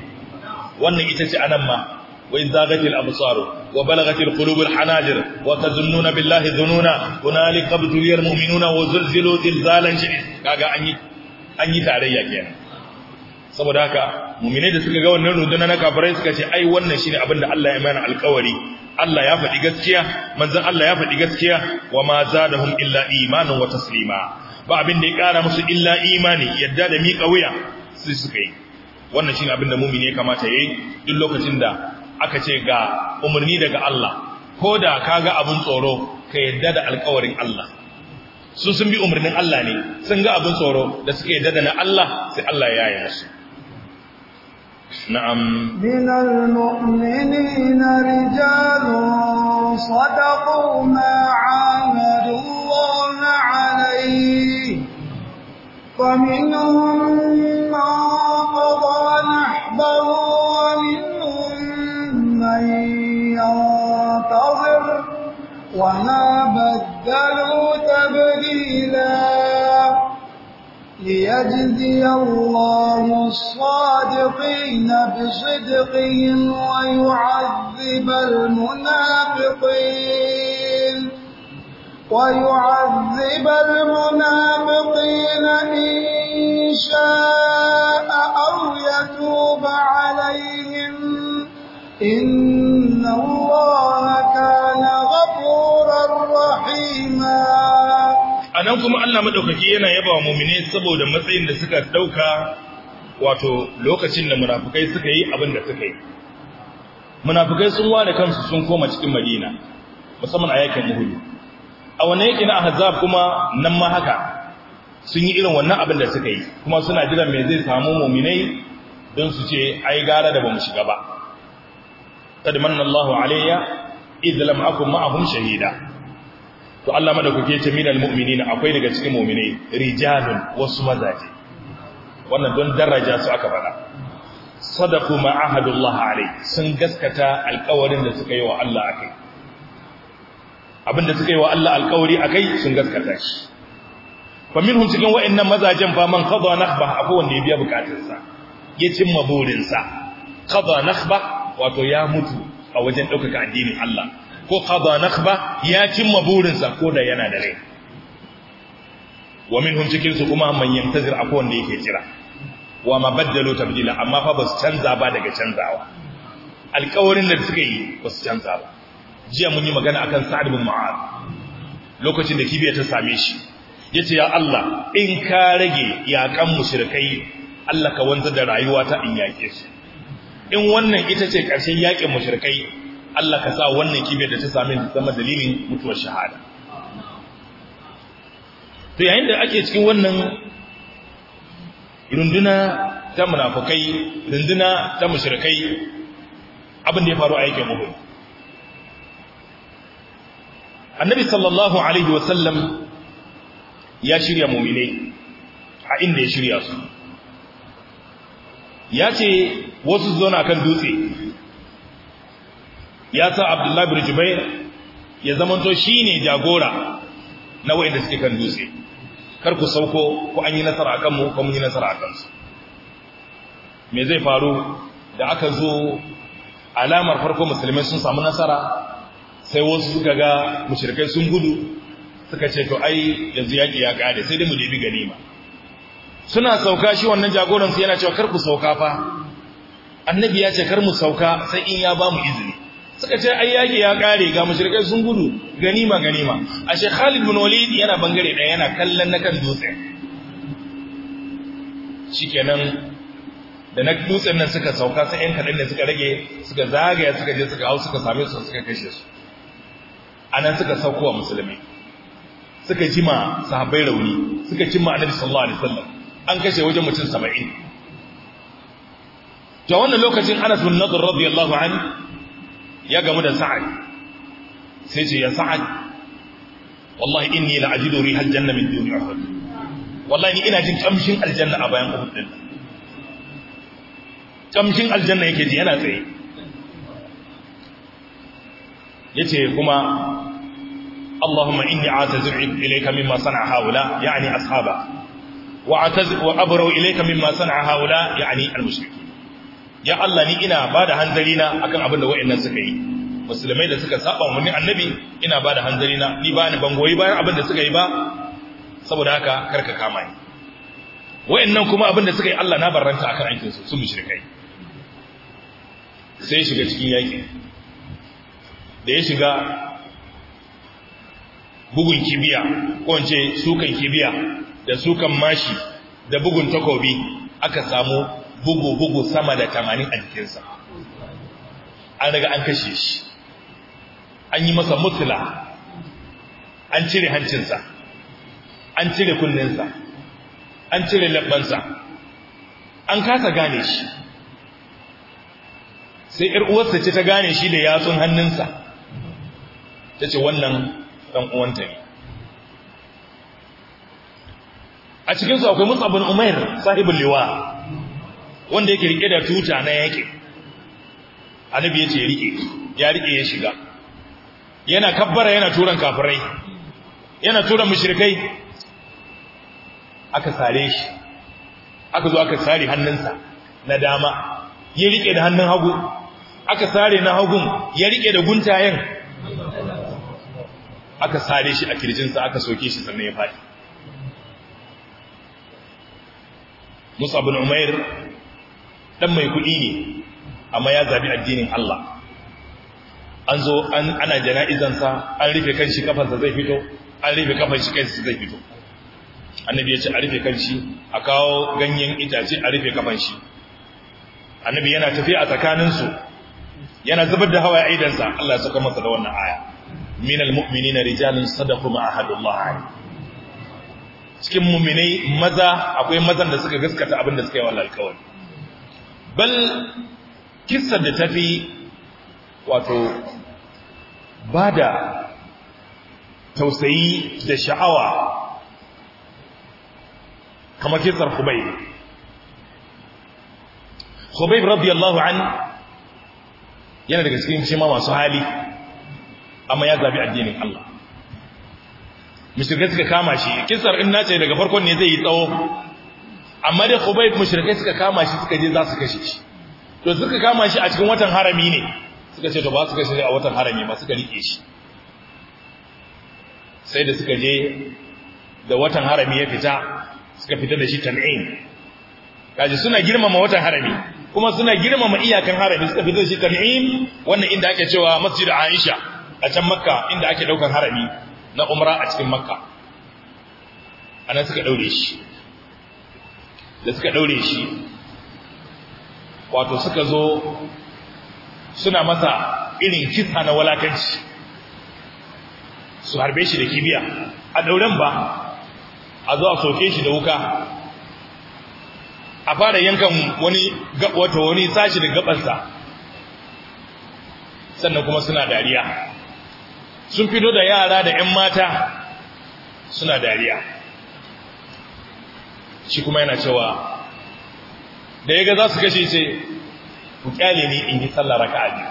وبلغت القلوب الحناجر وتظنون بالله ظنونا هنالك ابتلي المؤمنون وزلزلوا زلزالا شديدا kaga an yi an yi tarayya kenan saboda haka mu'minai da suka ga wannan runduna na kafirai suka ce ai wannan shine abin da Allah ya mana alƙawari Allah ya faɗi gaskiya manzon Allah ya faɗi gaskiya wa ma zadahum illa imanan wa taslima ba abin da ya ƙara musu illa imani yadda da miƙa wuya su suka yi wannan shine abin da mu'mini ya kamata yayi duk lokacin da aka ce ga umarni daga Allah ko da ka ga abin tsoro ka yadda da alkawarin Allah su sun bi umarnin Allah ne sun ga abin tsoro da suka yadda da na Allah sai Allah ya yi musu na'am minal sadaqu ma 'amadu alayhi فمنهم قضى نحبه وما بدلوا تبديلا ليجزي الله الصادقين بصدقهم ويعذب المنافقين ويعذب المنافقين إن شاء أو يتوب عليهم إن الله كان A anan kuma Allah madaukaki yana yaba wa mu'mini saboda matsayin da suka dauka wato lokacin da munafikai suka yi abin da suka yi munafikai sun ware kansu sun koma cikin Madina musamman a yakin Uhud a wannan yakin Ahzab kuma nan ma haka sun yi irin wannan abin da suka yi kuma suna jiran me zai samu mu'minai don su ce ai gara da bamu shiga ba qad alayya idh lam akum ma'ahum shahida to Allah madaukake ce minal mu'minina akwai daga cikin mu'minai rijalun wasu mazaje wannan don daraja su aka faɗa sadaqu ma ahadullah alai sun gaskata alƙawarin da suka yi wa Allah akai abinda suka yi wa Allah alƙawari akai sun gaskata shi fa minhum cikin wa'annan mazajen fa man qada nakhbah akwai wanda ya biya bukatunsa ya cimma burinsa qada nakhbah wato ya mutu a wajen ɗaukaka addinin Allah ko qada nakhba ya cimma burinsa ko da yana da rai wa minhum cikin su kuma man yantazir akwai wanda yake jira wa ma badalu tabdila amma fa basu canza ba daga canzawa alƙawarin da suka yi basu canza ba jiya mun yi magana akan Sa'ad bin mu'ad lokacin da kibiya ta same shi yace ya Allah in ka rage yakan mushrikai Allah ka wanzar da rayuwa ta in yake su in wannan ita ce ƙarshen yakin mushrikai Allah ka sa wannan kibiyar da ta sami zama dalilin mutuwar shahada to yayin da ake cikin wannan runduna ta munafukai runduna ta mushrikai abin da ya faru a yake mugun annabi sallallahu alaihi wasallam ya shirya muminai a inda ya shirya su ya ce wasu zo na kan dutse ya sa abdullahi bin ya zamanto ne jagora na wayanda suke kan dutse kar ku sauko ko an yi nasara akan mu ko yi nasara a kansu me zai faru da aka zo alamar farko musulmai sun samu nasara sai wasu suka ga mushrikai sun gudu suka ce to ai yanzu yaki ya ƙare sai dai mu debi ganima suna sauka shi wannan jagoransu yana cewa kar ku sauka fa annabi ya ce kar mu sauka sai in ya ba mu izini suka ce ai yaki ya kare ga mushrikai sun gudu ganima ganima ashe Khalid bin Walid yana bangare da yana kallon na kan dutse shikenan da na dutsen nan suka sauka sai ƴan kaɗan ne suka rage suka zagaya suka je suka hau suka same su suka kashe su anan suka sauko wa musulmi suka jima sahabbai rauni suka cimma annabi sallallahu alaihi wasallam an kashe wajen mutum 70 ta wannan lokacin Anas bin Nadr radiyallahu anhu ya gamu da sa'ad sai ce ya sa'ad wallahi inni la ajidu rihal janna min duni uhud wallahi ni ina jin kamshin aljanna a bayan uhud din kamshin aljanna yake ji yana tsaye yace kuma اللهم إني أعتذر إليك مما صنع هؤلاء يعني أصحابه وأبرو إليك مما صنع هؤلاء يعني المشركين ya Allah ni ina ba da hanzari na akan abin da wa'annan suka yi musulmai da suka saba wani annabi ina ba da hanzari na ni ba ni ban goyi bayan abin da suka yi ba saboda haka karka kama ni wa'annan kuma abin da suka yi Allah na barranta akan aikin su su mushrikai sai shiga cikin yaki da ya shiga bugun kibiya ko in sukan kibiya da sukan mashi da bugun takobi aka samu bugu-bugu sama da tamanin a jikinsa an daga an kashe shi an yi masa mutula an cire hancinsa an cire kunninsa an cire labbansa an kasa gane shi sai ‘yar uwarsa ce ta gane shi da yatsun hannunsa ta ce wannan ɗan uwanta ne a cikinsu akwai musabin umar sahibin liwa wanda yake rike da tuta na yake annabi yace rike ya rike ya shiga yana kabbara yana turan kafirai yana turan mushrikai aka sare shi aka zo aka sare hannunsa na dama ya rike da hannun hagu aka sare na hagun ya rike da guntayen aka sare shi a kirjinsa aka soke shi sannan ya faɗi Musa bin Umair dan mai kuɗi ne amma ya zabi addinin Allah an zo ana jana'izansa an rufe kanshi kafansa zai fito an rufe kafan shi kansa zai fito annabi ya ce a rufe kanshi a kawo ganyen itace a rufe kafan shi annabi yana tafiya a tsakaninsu yana zubar da hawa sa. Allah ya saka masa da wannan aya min almu'minina rijalun sadaqu ma ahadullah cikin mu'minai maza akwai mazan da suka gaskata abinda da suka yi wa alƙawari bal kisar da tafi wato bada tausayi da sha'awa kamar kisar Khubayb Khubayb radiyallahu an yana daga cikin shi masu hali amma ya zabi addinin Allah mushrikai suka kama shi kisar in nace daga farkon ne zai yi tsawo amma dai Khubayb mushrikai suka kama shi suka je za su kashe shi to suka kama shi a cikin watan harami ne suka ce to ba su kashe shi a watan harami ba suka rike shi sai da suka je da watan harami ya fita suka fita da shi tan'in kaji suna girmama watan harami kuma suna girmama iyakan harami suka fita da shi tan'in wannan inda ake cewa masjid Aisha a can Makka inda ake daukar harami na umra a cikin Makka ana suka daure shi da suka ɗaure shi wato suka zo suna masa irin kisa na walakanci su harbe shi da kibiya a dauren ba a zo a soke shi da wuka a fara yankan wani wato wani sashi da gabansa sannan kuma suna dariya sun fito da yara da 'yan mata suna dariya shi kuma yana cewa da ya ga za su kashe ce ku kyale ni in yi sallah raka'a biyu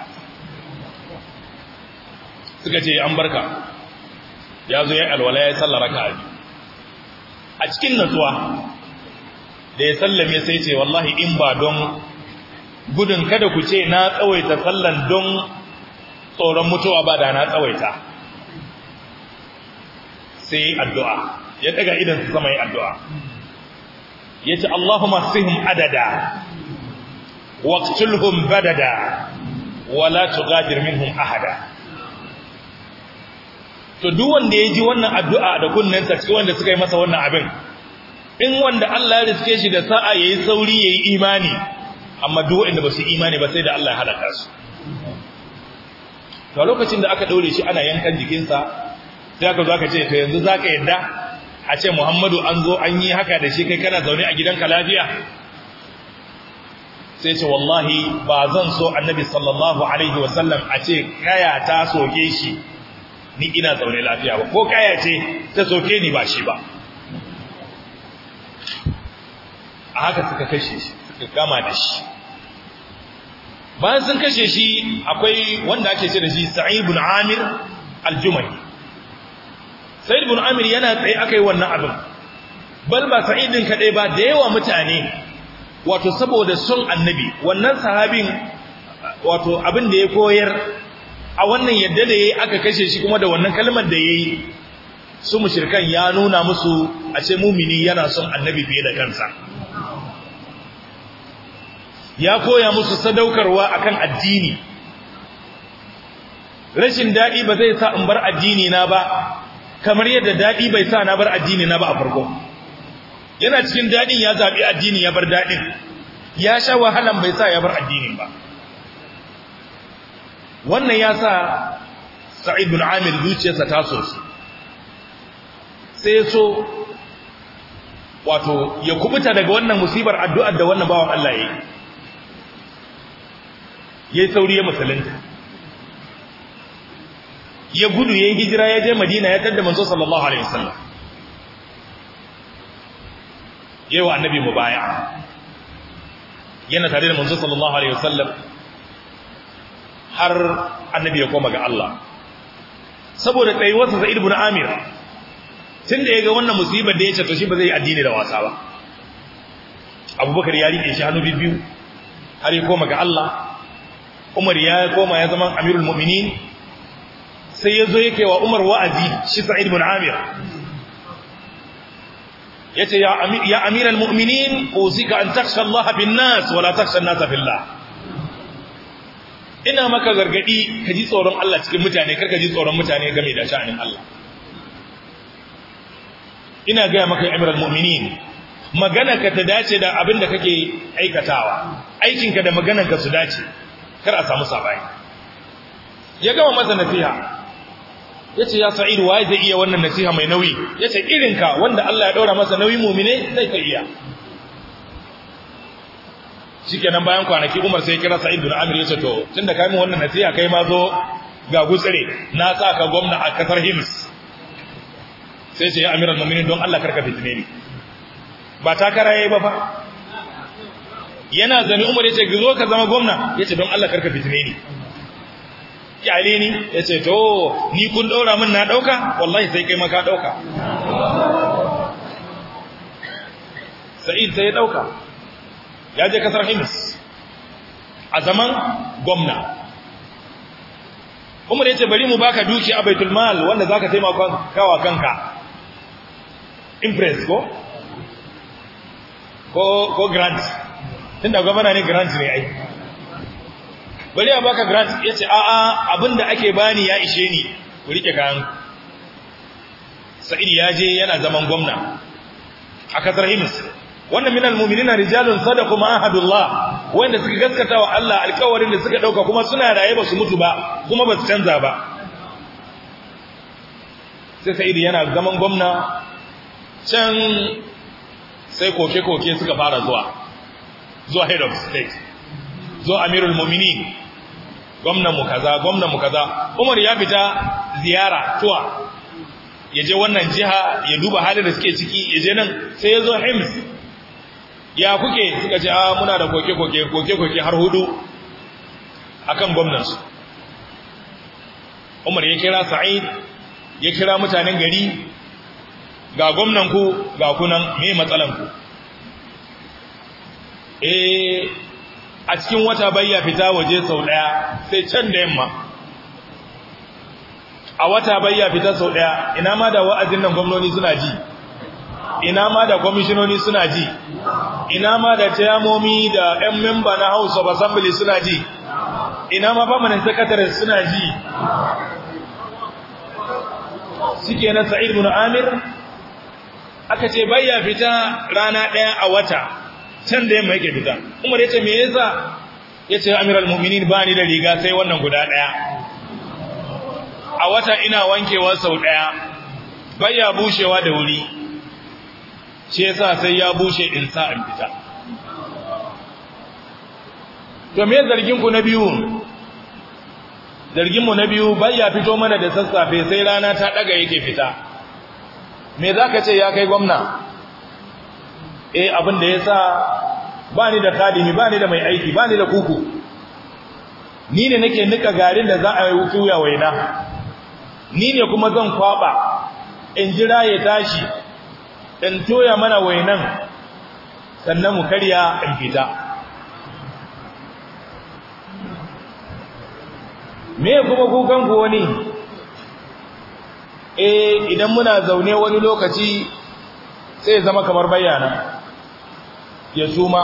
suka ce an barka ya zo ya alwala ya sallah aka biyu a cikin natsuwa da ya sallame sai ce wallahi in ba don gudun kada ku ce na tsawaita sallan don tsoron mutuwa ba da na tsawaita sai addu'a ya daga idan su sama yi addu'a yace Allahumma sihim adada waqtulhum badada wala tughadir minhum ahada to duk wanda yaji wannan addu'a da sa cikin wanda suka yi masa wannan abin in wanda Allah ya riske shi da sa'a yayi sauri yayi imani amma duk wanda ba su imani ba sai da Allah ya halaka su to lokacin da aka daure shi ana yankan jikinsa sai aka zo aka ce to yanzu zaka yadda a ce muhammadu an zo an yi haka da shi kai kana zaune a gidan ka lafiya sai ce wallahi ba zan so annabi sallallahu alaihi wasallam a ce kaya ta soke shi ni ina zaune lafiya ba ko kaya ce ta soke ni ba shi ba a haka suka kashe shi suka gama da shi bayan sun kashe shi akwai wanda ake ce da shi sa'ibun amir aljumani sai ibn amir yana tsaye akai wannan abin bal ba sa'idin kadai ba da yawa mutane wato saboda sun annabi wannan sahabin wato abin da ya koyar a wannan yadda da yayi aka kashe shi kuma da wannan kalmar da yayi su mushrikan ya nuna musu a ce mumini yana son annabi fiye da kansa ya koya musu sadaukarwa akan addini rashin daɗi ba zai sa in bar addini na ba kamar yadda daɗi bai sa na bar addini na ba a farko yana cikin daɗin ya zaɓi addini ya bar daɗin, ya sha wahalan bai sa ya bar addinin ba wannan ya sa sa'id bin amir zuciyarsa ta so sai so wato ya kubuta daga wannan musibar addu'ar da wannan bawan Allah yayi yayi sauri ya musulunta ya gudu ya hijira ya je madina ya tadda manzo sallallahu alaihi wasallam yawa annabi mubaya yana tare da manzo sallallahu alaihi wasallam har annabi ya koma ga Allah saboda wasa Sa'id ibn Amir tunda yaga wannan musibar da ya ce to shi ba zai addini da wasa ba Abubakar ya rike shi hannu biyu har ya koma ga Allah Umar ya koma ya zama Amirul Mu'minin sai ya zo yake wa umar wa'azi shi sa'id bin amir ya ce ya amiral mu'minin ka an taksha Allah bin nas wala taksha nasa la. ina maka gargadi ka ji tsoron Allah cikin mutane kar ka ji tsoron mutane game da sha'anin Allah ina gaya maka amiral mu'minin magana ka ta dace da abin da kake aikatawa aikinka da maganar ka su dace kar a samu sabani ya gama masa nasiha yace ya sa'id waye zai iya wannan nasiha mai nauyi yace irinka wanda Allah ya daura masa nauyi mu'mine zai ka iya shikenan bayan kwanaki Umar sai kira Sa'id bin Amir yace to tunda kai mun wannan nasiha kai ma zo ga gutsire na sa ka gwamna a kasar Hims sai ce ya al mu'minin don Allah karka fitine ni ba takara karaye ba fa yana zane Umar yace zo ka zama gwamna yace don Allah karka fitine ni kyale ni yace to ni kun daura min na dauka wallahi sai kai maka dauka Sa'id sai ya dauka ya je kasar himis a zaman gwamna Umar yace bari mu baka duki a Baitul Mal wanda zaka taimaka kawa kanka impress ko ko ko grant tunda gwamna ne grant ne ai bari a baka grant ya ce a'a abinda ake bani ya ishe ni ku rike kayan sa'id ya je yana zaman gwamna a kasar himis wannan minal mu'minina rijalun sadaqu ma ahadullah wanda suka gaskata wa Allah alƙawarin da suka dauka kuma suna raye ba su mutu ba kuma ba su canza ba sai sa'id yana zaman gwamna can sai koke-koke suka fara zuwa zuwa head of state zuwa amirul mu'minin gwamnan mu kaza gwamnan mu kaza Umar ya fita ziyara tuwa ya je wannan jiha ya duba halin da suke ciki ya je nan sai ya zo Hims ya kuke suka ce a muna da koke koke koke koke har hudu akan kan su Umar ya kira Sa'id ya kira mutanen gari ga gwamnan ku ga kunan me matsalan ku eh a cikin wata bayya fita waje sau daya sai can da yamma a wata bayya fita sau daya ina ma da wa'azin nan gwamnoni suna ji ina ma da kwamishinoni suna ji ina ma da tayamomi da 'yan memba na house of assembly suna ji ina ma permanent secretary suna ji suke na sa'id na amir aka ce bayya fita rana ɗaya a wata can da yamma yake fita Umar ya ce me yasa ya ce amir al Mu'minin ba ni da riga sai wannan guda daya a wata ina wankewa sau daya baya bushewa da wuri shi yasa sai ya bushe in sa an fita to me zargin ku na biyu zargin mu na biyu baya fito mana da sassafe sai rana ta daga yake fita me zaka ce ya kai gwamna eh abin da yasa ba ni da kadimi ba ni da mai aiki ba ni da kuku ni ne nake nika garin da za a yi tuya waina ni ne kuma zan kwaba in jira ya tashi in toya mana wainan sannan mu karya in fita me kuma kukan ku wani eh idan muna zaune wani lokaci sai zama kamar bayyana ya suma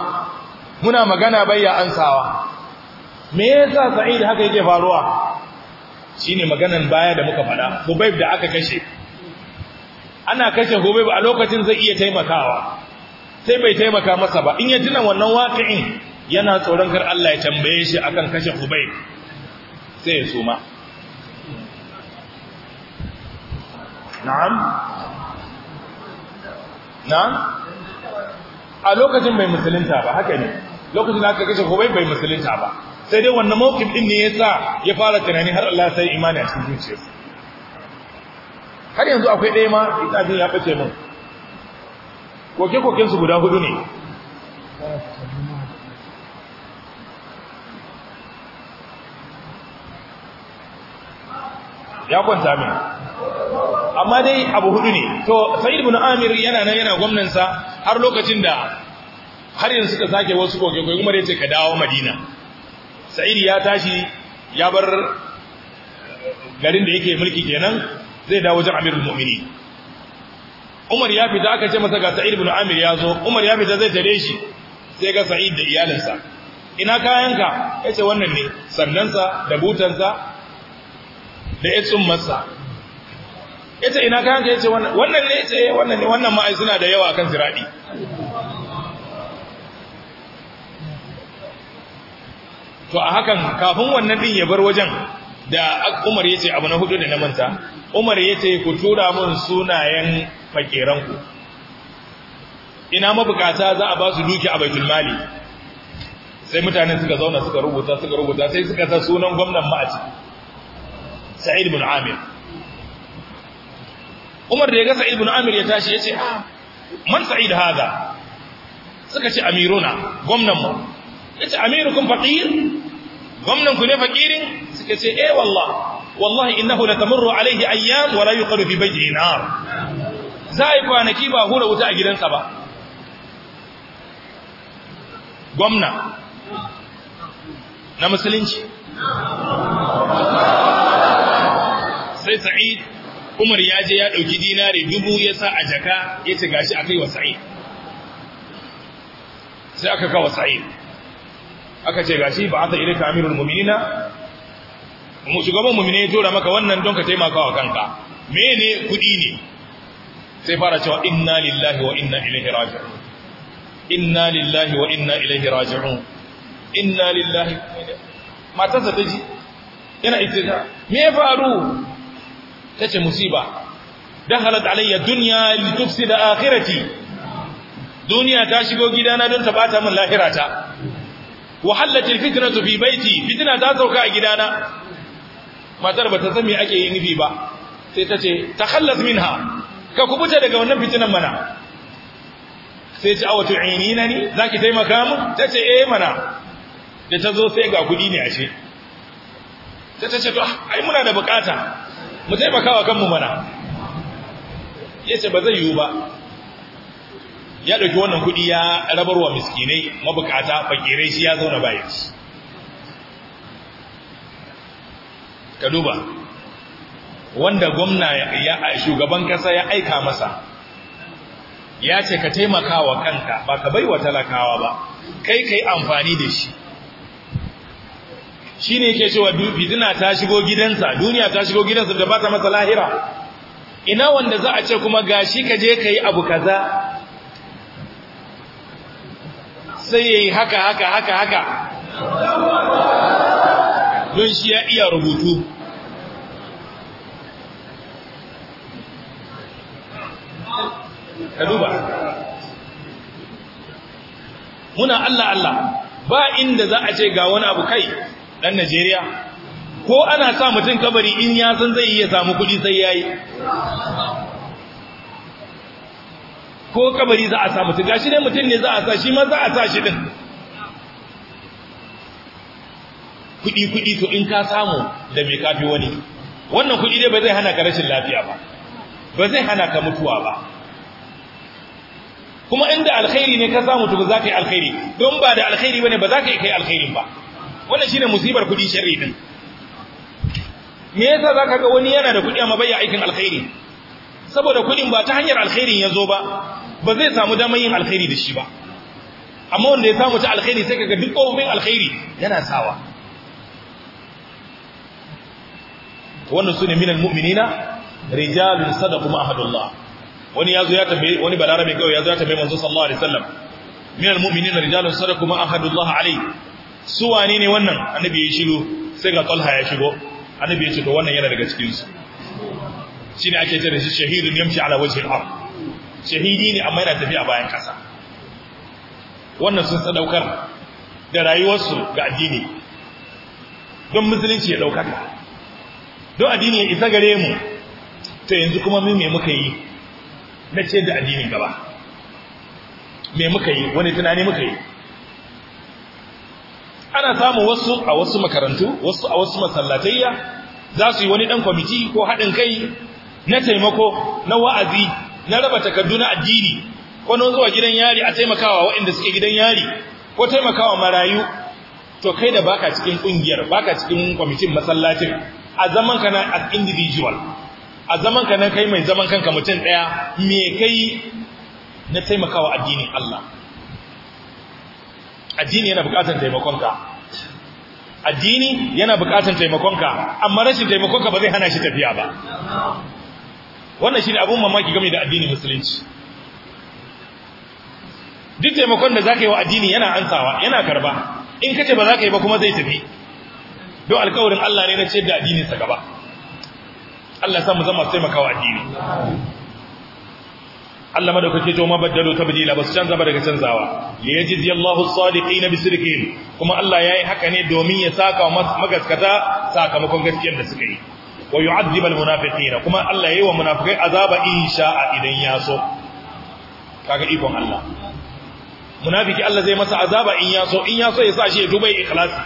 muna magana bayya ansawa me yasa sa'id haka yake faruwa shine maganan baya da muka fada hubayb da aka kashe ana kashe hubayb a lokacin zai iya taimakawa sai bai taimaka masa ba in ya tuna wannan waqi'in yana tsoron kar Allah ya tambaye shi akan kashe hubayb sai ya suma na'am na'am a lokacin bai musulunta ba haka ne lokacin da aka kashe Hubay bai musulunta ba sai dai wannan mawqif din ne ya sa ya fara tunani har Allah sai imani a cikin zuciyarsa har yanzu akwai ɗaya ma ita ya fice min koke-koken su guda hudu ne ya kwanta min amma dai abu hudu ne to sayyid ibn amir yana nan yana gwamnansa har lokacin da har yanzu suka sake wasu koke-koke umar ya ce ka dawo madina sa'id ya tashi ya bar garin da yake mulki kenan zai dawo wajen amirul mu'mini umar ya fita aka ce masa ga sa'id ibn amir ya zo umar ya fita zai tare shi sai ga sa'id da iyalinsa ina kayanka ce wannan ne Sannansa da butansa da ya tsummarsa yace ina kayan ka yace wannan wannan ne yace eh, wannan ne wannan ma ai suna da yawa akan siradi to a hakan kafin wannan din ya bar wajen da Umar yace abu na hudu da na manta Umar yace ku tura mun sunayen fakiran ku ina mabukata za a ba su duki a baitul mali sai mutanen suka zauna suka rubuta suka rubuta sai suka sa sunan gwamnan ma a ciki Sa'id bin Amir Umar da ya ga Sa'id ibn Amir ya tashi yace ah man Sa'id hada suka ce amiruna gwamnan mu yace amirukum faqir gwamnan ku ne faqirin suka ce eh wallah wallahi innahu latamurru alayhi ayyam wa la yuqadu fi baytihi nar zai kwanaki ba hura wuta a gidansa ba gwamna na musulunci sai sa'id Umar ya je ya ɗauki dinari dubu ya sa a jaka ya ce gashi a kai wa Sa'id. Sai aka kawo Sa'id. Aka ce gashi ba a ta ilika amirul muminina? Shugaban mumini ya tura maka wannan don ka taimaka wa kanka. Mene kuɗi ne? Sai fara cewa inna lillahi wa inna ilaihi raji'un. Inna lillahi wa inna ilaihi raji'un. Inna lillahi. Matarsa ta ji yana ta, Me faru? tace musiba dakhalat alayya dunya litufsida akhirati duniya ta shigo gidana don ta bata min lahirata wa halatil fitnatu fi baiti fitina ta sauka a gidana matar bata san me ake yi nufi ba sai tace min ha, ka kubuta daga wannan fitinan mana sai ci awatu inina ni ki taimaka mu tace eh mana da zo sai ga kudi ne ashe ta tace to ah, ai muna da bukata mu wa kanmu mana yace ba zai yiwu ba ya dauki wannan kuɗi ya rabarwa miskinai mabukata fakirai shi ya zauna bayan shi ka duba wanda gwamna ya shugaban kasa ya aika masa ya ce ka taimaka wa kanka ba ka baiwa talakawa ba kai kai amfani da shi shine yake cewa fitina ta shigo gidansa duniya ta shigo gidansa da ba ta masa lahira ina wanda za a ce kuma gashi ka je kai abu kaza sai yayi haka haka haka haka don shi ya iya rubutu ka duba muna Allah Allah ba inda za a ce ga wani abu kai dan Najeriya ko ana sa mutum kabari in ya san zai iya samu kuɗi sai yayi ko kabari za a sa mutum gashi ne mutum ne za a sa shi ma za a sa shi din kuɗi kuɗi to in ka samu da me kafi wani wannan kuɗi dai ba zai hana ka rashin lafiya ba ba zai hana ka mutuwa ba kuma inda alkhairi ne ka samu to ba za ka yi alkhairi don ba da alkhairi bane ba za ka yi kai alkhairin ba wannan shine musibar kudi sharri din me yasa zaka ga wani yana da kudi amma bai aikin alkhairi saboda kudin ba ta hanyar alkhairin ya zo ba ba zai samu damar yin alkhairi da shi ba amma wanda ya samu ta alkhairi sai kaga duk kofin alkhairi yana sawa wannan sune minal mu'minina rijalun sadaqu ma ahadullah wani yazo ya tambaye wani balarabe kawai yazo ya tambaye manzo sallallahu alaihi wasallam minal mu'minina rijalun sadaqu ma ahadullah alaihi su wane ne wannan annabi ya shiru sai ga talha ya shigo annabi ya ce to wannan yana daga cikin su shine ake tare shi shahidun yamshi ala wajhil ard shahidi ne amma yana tafiya bayan kasa wannan sun sadaukar da rayuwarsu ga addini don musulunci ya daukaka don addini ya isa gare mu ta yanzu kuma mu me muka yi na ce da addini gaba me muka yi wani tunani muka yi ana samun wasu a wasu makarantu wasu a wasu masallatayya za su yi wani ɗan kwamiti ko haɗin kai na taimako na wa'azi na raba takardu na addini ko na zuwa gidan yari a taimakawa waɗanda suke gidan yari ko taimakawa marayu to kai da baka cikin kungiyar baka cikin kwamitin masallacin a zaman ka na as individual a zaman ka na kai mai zaman kanka mutum ɗaya me kai na taimakawa addinin Allah addini yana bukatar taimakonka addini yana bukatar taimakonka amma rashin taimakonka ba zai hana shi tafiya ba wannan shi ne abun mamaki game da addinin musulunci duk taimakon da zaka yi wa addini yana ansawa yana karba in kace ba za ka yi ba kuma zai tafi don alƙawarin Allah ne na ce da addini sa gaba Allah ya sa mu zama taimakawa addini Allah madaukake to ma baddalu tabdila basu canza ba daga canzawa li yajzi Allahu as-sadiqina bisirqin kuma Allah yayi haka ne domin ya saka magaskata sakamakon gaskiyar da suka yi wa yu'adhib al-munafiqina kuma Allah yayi wa munafikai azaba insha'a idan ya so kaga ikon Allah munafiki Allah zai masa azaba in ya so in ya so ya sa shi ya dubai ikhlasi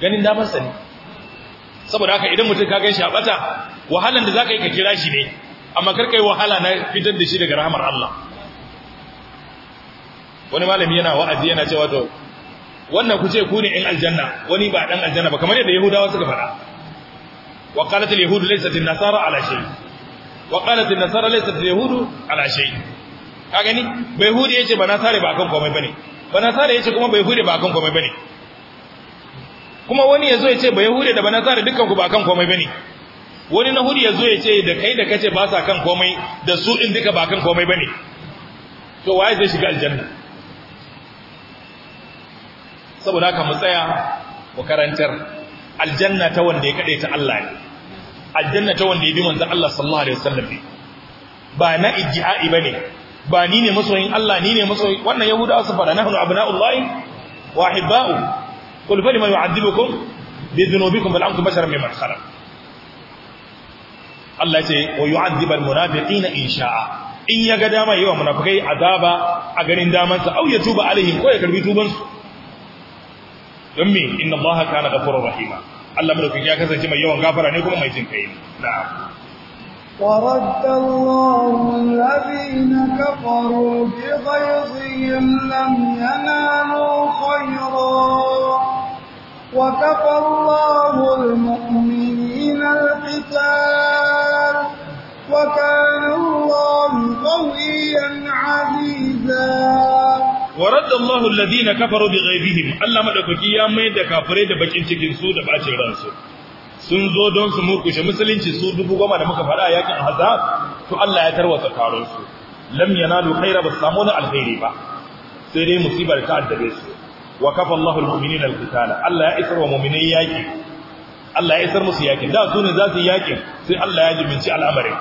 ganin damar sa ne saboda haka idan mutum ka gaishe a bata wahalan da zaka yi ka kira shi ne amma kar yi wahala na fitar da shi daga rahamar Allah wani malami yana wa'azi yana cewa to wannan ku ce ku ne in aljanna wani ba dan aljanna ba kamar yadda yahudawa suka faɗa wa qalat al yahud laysat an nasara ala shay wa qalat an nasara laysat al yahud ala shay ka gani bai yahudi yace ba nasare ba akan komai bane ba nasare yace kuma bai yahudi ba akan komai bane kuma wani yazo yace ba yahudi da ba nasare dukkan ku ba akan komai bane wani na hudu ya zo ya ce da kai da kace ba sa kan komai da su in duka ba kan komai bane to waye zai shiga aljanna saboda haka mu tsaya mu karantar aljanna ta wanda ya kade ta Allah ne aljanna ta wanda ya bi manzon Allah sallallahu alaihi wasallam ne ba na ijja'i bane ba ni ne masoyin Allah ni ne masoyin wannan yahudawa su fara nahnu abna'ullahi wa ahibba'u qul fa lima yu'adhibukum bi dhunubikum bal antum basharan mimman khalaq Allah ya ce wa yu'adhibal munafiqina in sha'a in ya ga dama yawa munafikai azaba a ganin damansa au ya tuba alaihim ko ya karbi tubansu don me inna allaha kana ghafurur rahima Allah madaukakin ya kasance mai yawan gafara ne kuma mai jin kai na'am ورد الله الذين كفروا بغيظهم لم ينالوا خيرا وكفى الله المؤمنين القتال wa raddallahu alladhina kafaru bi ghaibihim Allah madaukaki ya mai da kafirai da bakin cikin su da bacin sun zo don su murkushe musulunci su dubu goma da muka faɗa yakin ahzab to Allah ya tarwata taron su lam yanalu khaira bas na alkhairi ba sai dai musibar ta addabe su wa kafa Allahu almu'minina alqitala Allah ya isar wa mu'minai yaki Allah ya isar musu yakin da su ne za su yakin sai Allah ya jibinci al'amarin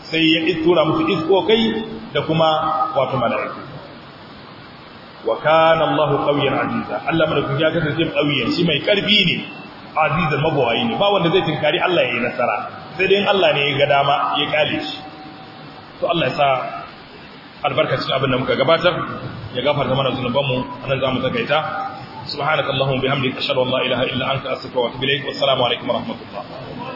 sai ya tura musu iskokai da kuma wato mala'iku wa kana Allah qawiyyan aziza Allah kun ya kasance qawiyyan shi mai karfi ne azizan mabawai ne ba wanda zai tinkari Allah yayi nasara sai dai Allah ne ya ga dama ya kale shi to Allah ya sa albarka cikin abin da muka gabatar ya gafarta mana mu anan zamu takaita subhanakallahumma bihamdika ashhadu an la ilaha illa anta astaghfiruka wa atubu ilaik assalamu alaikum warahmatullahi